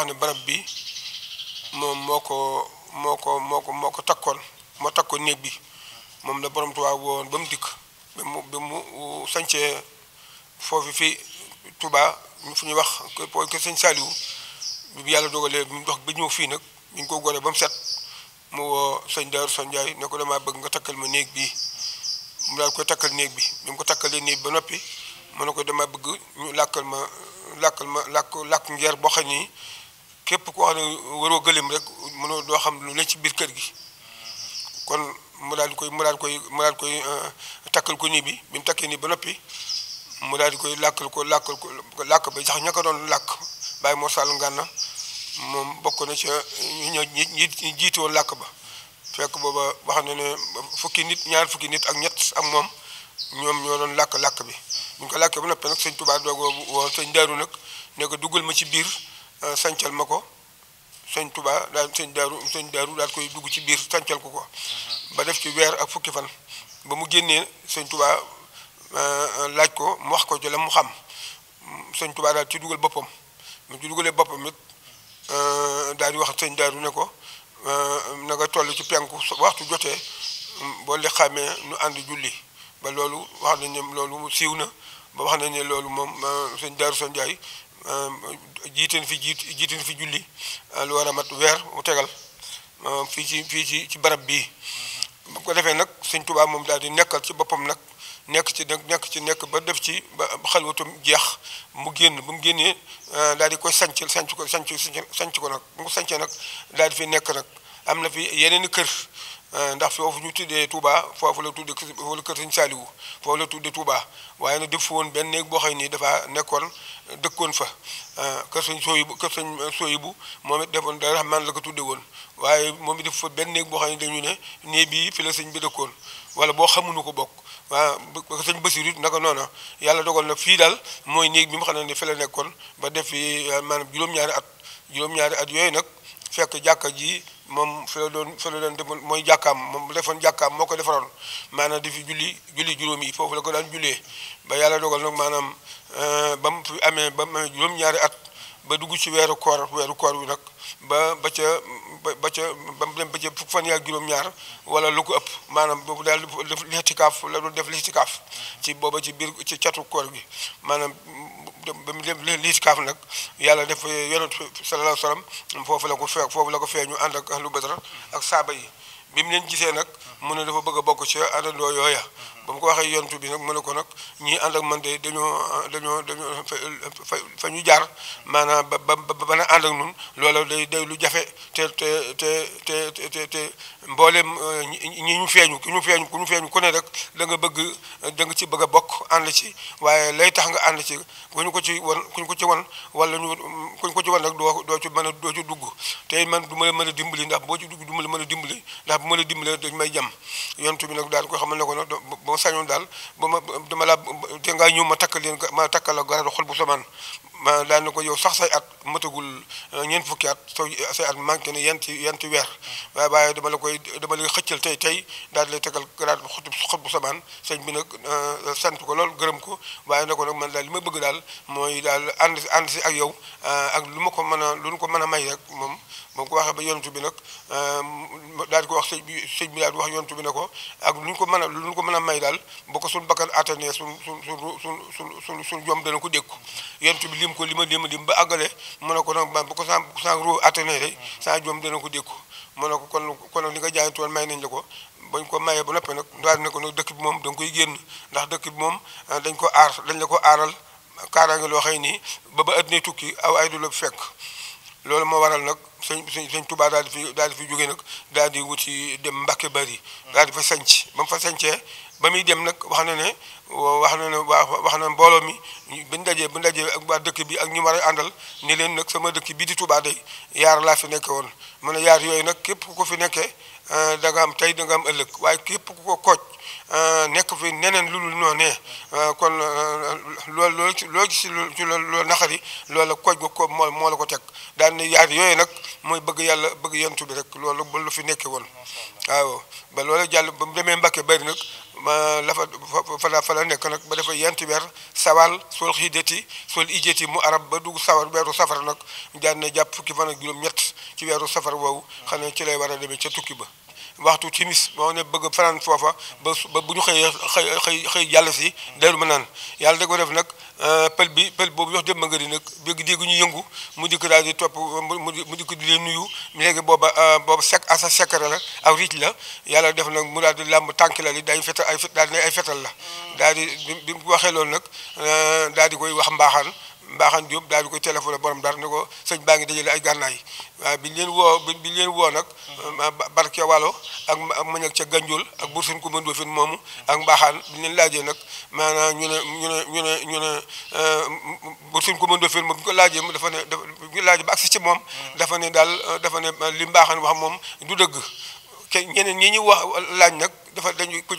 wax ne barab bi moom moo ko moo ko moo ko moo ko takkoon moo takkoon néeg bi moom la borom Tuubaa woon ba mu dikk ba mu mu sañcee foofu fi Tuubaa ñu fu ñuy wax sëñ Saaliwu yàlla dogalee bi mu dox ba ñëw fii nag ñu ko goree ba mu set mu woo sëñ Daaru sëñ Njaay ne ko damaa bëgg nga takkal ma néeg bi mu daal koy takkal néeg bi bi mu ko takkalee néeg ba noppi mu ne ko dama bëgg ñu làkkal ma làkkal ma làkk làkk ngeer boo xam ni képp ku wax ne waroo gëlëm rek mënoo doo xam lu ne ci biir kër gi kon mu daal koy mu daal di koy mu euh, takkal ko nii bi bi mu takkee nii ba noppi mu daal koy làkkal ko làkkal ko làkk ba sax ña doon làkk bàyyi moo sàll moom bokk na ca ñi ñi jiitu ba fekk booba wax na ne fukki nit ñaar fukki nit ak ñett ak moom ñoom ñoo doon làkk làkk bi. ñu ko làkkee ba noppee nag sëñ Tuubaa doog woo sëñ Daaru nag ne ko duggal ma ci biir. Euh, sancal ma ko sëñ tubaa daal sëñ Daaru sëñ Daaru daal koy dugg ci biir sancal ko ko mhm. ba def ci weer ak fukki fan ba mu génnee sëñ Touba euh, laaj ko mu wax ko ci mu xam sëñ tubaa daal ci dugal boppam mu ci dugalee boppam it euh, daal di wax sëñ Daaru ne ko na nga toll ci penku waxtu jotee boo li nu ànd julli ba loolu wax nañ ne loolu siiw na ba wax nañ ne loolu moom sëñ Daaru Sën Njaay Um, jiiteen fi jiit jiiteen fi julli uh, lu war a mat weer mu tegal um, fii ci fii ci ci barab bii mm-hmm. bu ko defee nag sëñ Tuubaa moom daal di nekkal ci boppam nag nekk ci nekk ci nekk ba def ci ba xalwatum jeex mu génn ba mu génnee uh, daal di koy sanc sanc ko sanc sanc ko nag bu mu sancee nag daal di fi nekk nag am na fi yeneen i kër Euh, ndax foofu ñu tuddee Touba foofu la tuddee foofu la kër Sëñ Saaliwu foofu la tuddee Touba waaye nag def woon benn néeg boo xam ni dafa nekkoon dëkkoon fa euh, kër Sëñ Sooyibu kër Sëñ Sooyibu moom it da Rahmaan la ko tuddee woon waaye moom it def fa benn néeg boo xam ne dañu ne néeg bii fi la sëñ bi dëkkoon wala boo xamuñu ko bokk waaw sëñ Basiru naka noonu yàlla dogal na fii daal mooy néeg bi mu xam ne fi la nekkoon ba def fi euh, man juróom-ñaari at juróom-ñaari at yooyu nag. fekk jàkka ji moom fi la doon fi doon demal mooy jàkkaam moom defoon jàkkaam moo ko defaroon maanaam di fi julli julli juróom yi foofu la ko daan jullee ba yàlla dogal nag maanaam euh, ba mu fi amee ba mu amee juróom-ñaari at ba dugg ci weeru koor weeru koor wi nag ba ba ca ba ca ba mu dem ba ca fukk fan yaa juróom-ñaar wala lu ko ëpp maanaam boobu daal def lixtikaaf la doon def lixtikaaf ci booba ci biir ci catu koor gi maanaam ba mu dem lixtikaaf nag yàlla def yonent sallallahu alayhi foofu la ko fee foofu la ko ñu ànd ak ahlu badra ak saaba yi bi mu leen gisee nag mu ne dafa bëgg a bokk ci àndandoo yooya ba ko waxee yontu bi nag mu ne ko nag ñii ànd ak man de dañoo dañoo dañoo fa fa ñu jaar maanaam ba ba ba ba ànd ak nun loola day day lu jafe te te te te te te mboolem eh, ñi ñu feeñu ku ñu feeñu ku ñu feeñu ku ne rek da nga bëgg da ci bëgg a bokk ànd ci waaye lay tax nga ànd ci ku ñu ko ci wan ku ñu ko ci wan wala ñu ku ñu ko ci wan rek doo doo ci mën a doo ci dugg tey man du man la mën a dimbali ndax boo ci dugg du ma la mën a dimbali ndax bu ma la dimbalee dañ may jam yontu bi nag daal ko xamal ne ko nag ñun daal ba ma dama laa jëngaa ñëw ma takk leen ma takkal la garaadu xol bu samaan ma daan na ko yow sax say at matagul euh, ñeent fukki at soo say at manqué ni yenti yenti weer waaye waaye dama la koy dama la koy xëccal tey tey daal di lay tegal garaat xutub xutbu samaan sëñ bi nag euh, sant ko lool gërëm ko waaye na ko nag man daal li ma bëgg daal mooy daal ànd ànd ak yow euh, ak lu ma ko mën a lu nu ko mën a may rek moom moom ko waxee ba yontu bi nag euh, daal di ko wax sëñ bi sëñ bi daal di wax yontu bi ne ko ak lu ñu ko man a lu ñu ko mën a may daal bu ko suñu bakkan atténuer suñ suñ suñ suñ suñ suñ suñ jom dana ko dékku yontu bi lim ko lima lima lim ba àggale mu ne ko nag bu ko sans sans ru atténué rek sans dana ko dékku mu ne ko kon kon ni nga jaayantu woon may nañ la ko bañ ko mayee ba noppi nag daal ne ko nag dëkk bi moom da nga koy génn ndax dëkk bi moom eh, dañ ko aar dañ la ko aaral kaaraange loo xëy nii ba ba adduna tukki aw ay du la fekk loolu moo waral nag sëñ sëñ sëñ Touba daal di fi daal di fi jógee nag daal di wuti ci dem Mbàkke Bari daal di fa sanc ba mu fa sancee ba muy dem nag wax na ne wax na ne waa wax na mbooloo mi bu ñu dajee bu ñu dajee ak waa dëkk bi ak ñu war a àndal ne leen nag sama dëkk bi di Touba day yaar laa fi nekke woon mu ne yaar yooyu nag képp ku ko fi nekkee Euh, da nga am tey da nga am ëllëg waaye képp ku ko kooj euh, nekk fi neneen lu dul noonee euh, kon lool lool ci loolu ci loolu naxari loolu la kooj ko moo moo la ko teg daan na yaar yooyu nag mooy bëgg yàlla bëgg yentu bi rek loolu ba lu fi nekkee woon waaw ba lool jàll ba mu demee Mbàkke bari nag ma la fa fa fa la nekk nag ba defa yent weer sawal sol xiidati sol ijati mu arab ba dugg sawar weeru safar nag daan na jàpp fukki fan ak juróom-ñett ci weeru safar woowu xam ne ci lay war a demee ca tukki ba waxtu timis boo ne bëgg fanaan foofa ba ba bu ñu xëyee xëy xëy xëy yàlla si dellu ma naan yàlla da ko def nag euh, pël bi pël boobu yox dem ma nga di nag dégg dégg ñu yëngu mu dikk daal di topp mu dikk di leen nuyu léegi booba euh, booba sek asa sekara la ak riic la yàlla def nag mu daal di làmb tànk la li day fetal ay daal di ay fetal la mm. daal bi mu waxee loolu nag euh, daal di koy wax mbaaxaan mbaaxan Diop daal di ko téléphoné borom dara ne ko sëñ baa ngi dajale ay gànnaay waaw bi leen woo bi leen woo nag barke walo ak mañ ak ca Ganjool ak bursin ko mëndoo fin moomu ak mbaaxaan bi leen laajee nag maanaam ñu ne ñu ne ñu ne ñu ne euh, bursin ko mëndoo fin moom bi ko laajee dafa ne ñu laajee ba agsi ci moom dafa ne daal dafa ne li mbaaxaan wax moom du dëgg ke ñeneen ñi ñu wax laaj nag dafa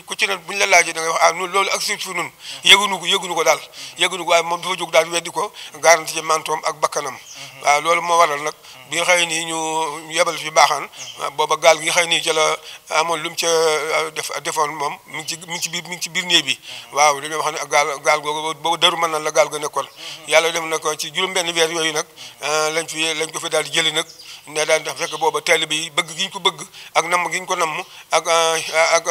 ku ci bu ñu la da ngay wax ah, ko yëgunu ko daal yëgunu ko moom dafa ko garanti ci mantoom ak mhm. moo waral nag mhm. bi nga xëy nii ñu yebal fi baaxaan mhm. booba gaal gi nga xëy nii ca la amoon lu mu ca euh, def defoon moom mi ngi ci mi mi ngi ci biir néeg bi waaw dañoo wax ne ak gaal gaal googu boobu daru mën nan la gaal ga nekkoon yàlla dem na ko ci juróom-benn weer yooyu nag euh, lañ fi lañ ko fi daal jëli nag ne daal def rek booba teel bi bëgg gi ko bëgg ak namm gi ko namm ak euh, ak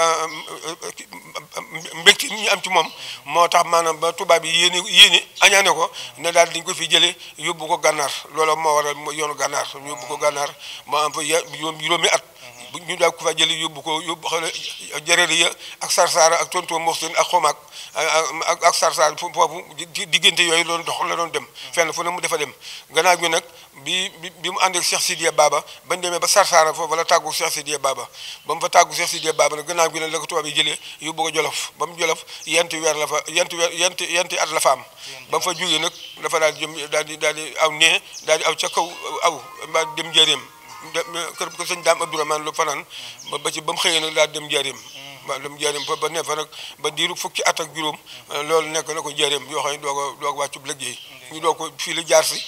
mbégte ñi am ci moom moo tax maanaam ba tubaab yi yéene yéene añaane ko ne daal dañ ko fi jëlee yóbbu ko gànnaar loola moo waral yoonu gànnaar yóbbu ko gànnaar moo am fa juróomi at ñu daal ku fa jëli yóbbu ko yóbbu xale jërëri ya ak sarsaara ak tonto moxtin ak xomaak ak ak sarsaar foofu diggante yooyu loon dox la doon dem fenn fu ne mu defa dem gannaaw ñu nag bi bi mu ànd ak Cheikh Sidiya Baba ba ba mu fa tàggu Cheikh Sidiya Baba nag gannaaw gi ne la ko tubaab yi jëlee yóbbu ko jolof ba mu jolof yenti weer la fa yenti weer yenti yenti at la fa am ba mu fa jógee nag dafa daal di jëm daal di daal di aw nee daal di aw ca kaw aw mbaa dem njëriñam kër kër sëñ daam abdourahmane lu fanaan ba ci ba mu xëyee nag daal dem njëriñam mm. ba dem njëriñam fa ba ne fa ba diiru fukki at ak juróom loolu nekk na ko njëriñam yoo xam ne doo ko doo ko wàccu liggéey ñu doo ko fii la jaar si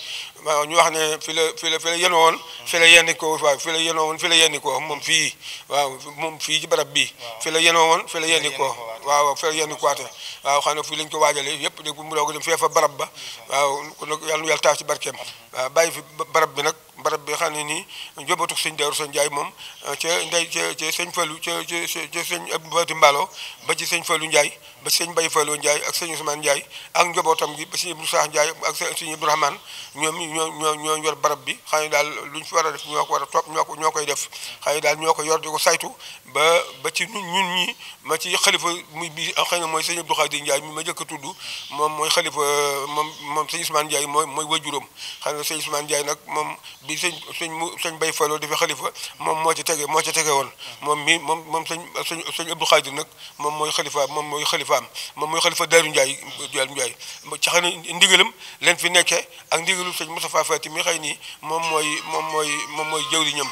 waaw ñu wax ne fi la fi la fi la yenoo woon fi la yenni ko fi la yenoo woon fi la yenni ko moom fii waaw moom fii ci barab bi fi la yenoo woon fi la yenni ko waaw fi la yenni ko waate waaw xam ne fii lañ ko waajale yëpp dégg bu mu doog dem fee fa barab ba waaw kon nag yàlla nu yàlla ci barkeem Ah, bàyyi fi barab bi nag barab bi xam ne nii njobootu sëñ Daaru sa Njaay moom ah, ca ndey ca ca sëñ Fallu ca ca ca sëñ Abdu Mballo ba ci sëñ Fallu Njaay ba ci sëñ Bay Fallu Njaay ak sëñ Usmaan Njaay ak njobootam gi ba ci Ibnu Saax ak sëñ Ibnu Rahmaan ñoom ñoo ñoo ñoo yor barab bi xam ne daal lu ñu fi war a def ñoo ko war a ñoo koy def xam ne daal ñoo ko yor di ko saytu ba ba ci ñun ñi ma ci xalifa muy bi ah, xëy na mooy sëñ Abdu Xaadir Njaay mi ma jëkk a tudd moom mooy xalifa moom moom sëñ Usmaan Njaay mooy mooy wajuróom xam sëñ Ousmane Ndiaye nag moom bi sëñ sëñ mu sëñ Bay Faloo di fi xalifa moom moo ci tege moo ci tege woon moom mii moom moom sëñ sëñ sëñ Abdou nag moom mooy xalifa moom mooy xalifaam moom mooy xalifa Daaru Ndiaye Daaru Ndiaye ci xana ndigalam leen fi nekke ak ndigalu sëñ Moustapha Fati mi xay nii moom mooy moom mooy moom mooy jëwriñam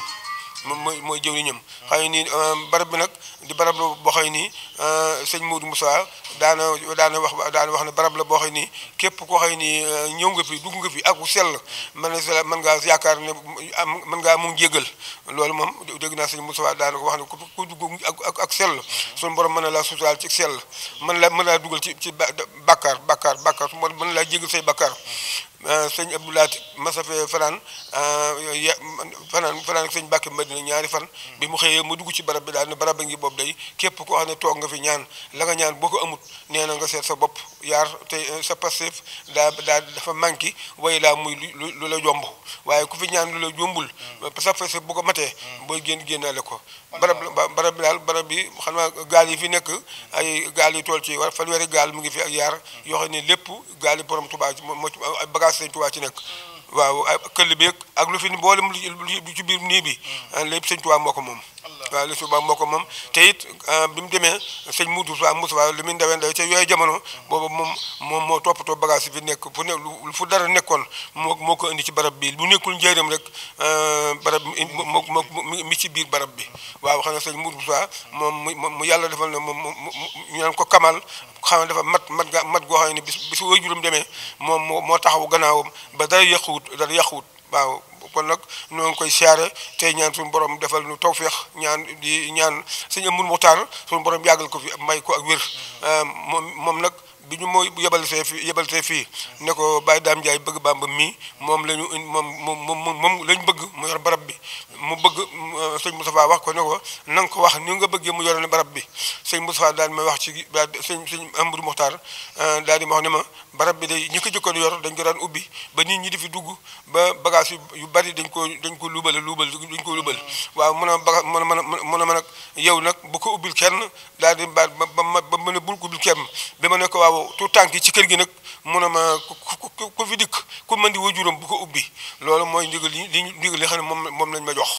moom mooy mooy jëwriñam xëy nii euh, barab bi nag di barab la boo xëy nii euh, sëñ Modou Moussa daana daana wax daana wax ne barab la boo xëy nii képp koo xëy nii euh, ñëw nga fi dugg nga fi ak sell man sell mën ngaa yaakaar ne mën ngaa mu jéggal loolu moom dégg naa sëñ Moussa daana ko wax ne ku dugg ak ak sell suñu borom mën na laa suturaal ci sell mën la mën laa dugal ci ci bàkkaar bàkkaar bàkkaar su mën na laa jéggal say bàkkaar Euh, sëñ Abdoulaat Massa fanaan euh, fanaan fanaan ak sëñ Mbàkke Madina ñaari fan bi mu xëyee mu dugg ci barab bi daal ne barab ba ngi boobu day képp koo xam ne toog nga fi ñaan la nga ñaan boo ko amut nee na nga seet sa bopp yaar te euh, sa passif daa dafa manqué way laa muy lu la jomb waaye ku fi ñaan lu la jombul sa passif a ko matee booy génn génnaale ko barab barab bi daal barab bi xam naa gaal yi fi nekk ay gaal yi tool ci war fanweeri gaal mu ngi fi ak yaar place Sëñ ci nekk waaw këll bi ak lu fi mboolem lu ci biir nii bi mm. lépp Sëñ Tuubaa moo ko moom waaw li suba moo ko moom te it euh, bi mu demee sëñ Moudou Sow Moussa li muy ndawee ndaw te yooyu jamono boobu moom moom moo toppatoo bagaas bi nekk fu ne lu fu dara nekkoon moo moo ko indi ci barab bi lu nekkul njëriñam rek euh, barab moo moo mi ci biir barab bi waaw xam ne sëñ bu Sow moom mu yàlla defal na moom ñu naan ko kamal xam ne dafa mat mat ga mat goo xam ne bis bisu waajuram demee moom moo moo taxawu gannaawam ba dara yàquwut dara yàquwut waaw kon nag ñoo ngi koy siyaare tey ñaan suñu borom defal nu tawféex ñaan di ñaan sëñ Amadou Mokhtar suñu borom yàggal ko fi may ko ak wér mm-hmm. euh, moom nag bi ñu moo yebal see fii yebal see fii ne ko Baye Dame Ndiaye bëgg Bamba mii moom la ñu moom moom moom la ñu bëgg mu yor barab bi mu bëgg euh, sëñ Moustapha wax ko ne ko na ko wax ni nga bëggee mu yoroon barab bi sëñ Moustapha daal di ma wax ci daal sëñ sëñ Amadou Mokhtar euh, daal di ma wax ne ma barab bi day ñi ko jëkkoon yor dañ ko daan ubbi ba nit ñi di fi dugg ba bagage yu bari dañ ko dañ ko luubal luubal dañ ko luubal waaw mun a baga mun a mën a mun a mën a yow nag bu ko ubbil kenn daal di ba ba ma ba mën a bul ko ubbil a bi ma ne ko waaw waaw tout tànk yi ci kër gi nag mun a ma ku fi dikk ku mën di wajuram bu ko ubbi loolu mooy ndigal li ndigal li xam ne moom moom lañ ma jox